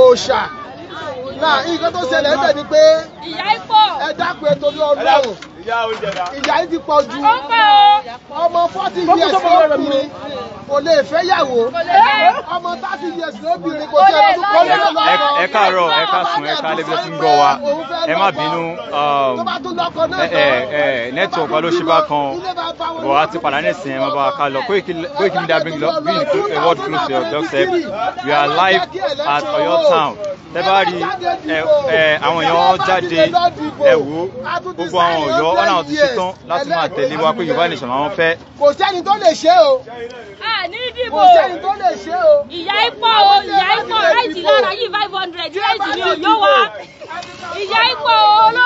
òòṣà náà nǹkan tó ṣẹlẹ̀ ẹ̀bẹ̀ ni pé ìyà yìí pọ̀ ẹ dákun ẹ torí ọlọ́run ìyà yìí ti pọ̀ ju ọmọ forty years lóbìnrin kò lè fẹ́ yàwó ọmọ thirty years lóbìnrin kò tẹ́ ọdún kọ́ lọ́wọ́ lọ́wọ́. ẹ káàárọ̀ ẹ káàsùn ẹ káàlẹ́ bí ẹ ń gbọ́ wa ẹ má bínú um, nẹ́tíwọ̀kì wa ló ṣe bá kan bọ̀ a ti padà ní ìsìn ẹ̀ máa bá a lọ Koiki Media bring the world close to your doorstep we are live at Oyo Town tẹ́bá rí àwọn èèyàn jáde ẹ wò gbogbo àwọn Ọ̀yọ́ ọ̀nà àwọn ti ṣetán láti máa tẹ̀lé wa pé Yorùbá nation àwọn fẹ́. kò sẹ́ni tó lè ṣe o. a ní ìdìbò ìyá ipò o ìyá ipò láìsí lára yìí five hundred láìsí ní Ọ̀yọ́ wa ìyá ipò o